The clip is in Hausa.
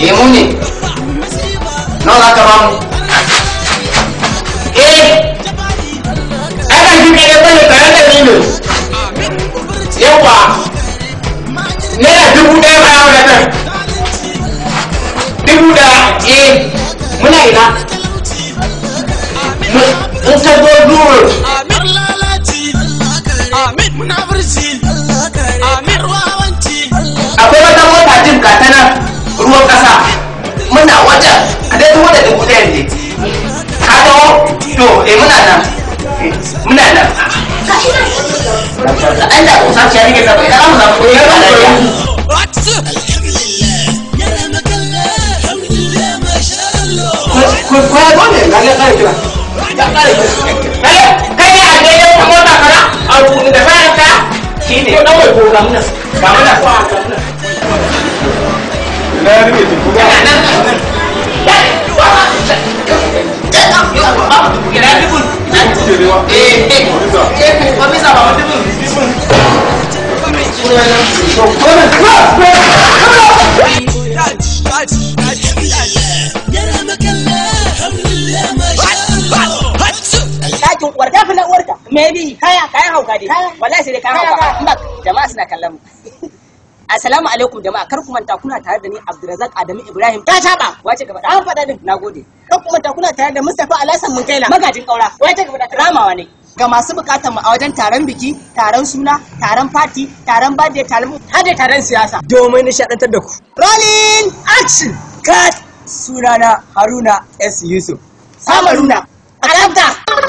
lemu ne nawa za ka bamu eh akan ji kai bane tare da lilo yawa naira dubu ɗaya ba yawo da nan dubu da eh muna ina in ka zo duro muna wajen a dai zuwa da dubu ɗaya ne ka dawo to eh muna nan muna nan Allah ku sa ciyar ke sabai kana mu za ku yi ba da Kwaya gole, ga ya kare kira. Ya kare kira. Kai ne a gaidan mota kana a rubutu da bayan ka? Shi ne. Ko ɗan wai ko ga muna. Ga muna. rí èdè tó wà. Dakin uwarka fi na uwarka. Me bi kaya kaya hauka dai. Wallahi sai dai kaya hauka. Jama'a suna kallon mu. Assalamu alaikum jama'a kar ku manta kuna tare da ni Abdulrazak Adamu Ibrahim ta taba wace gaba an faɗa din nagode kar ku manta kuna tare da Mustapha Alhassan Munkaila magajin kaura wace gaba ramawa ne ga masu bukatar mu a wajen taron biki, taron suna, taron fati, taron birthday, taron har da taron siyasa. Domin nishadantar da ku. Rolling action! Cut! Sunana Haruna S. Yusuf. Samaruna.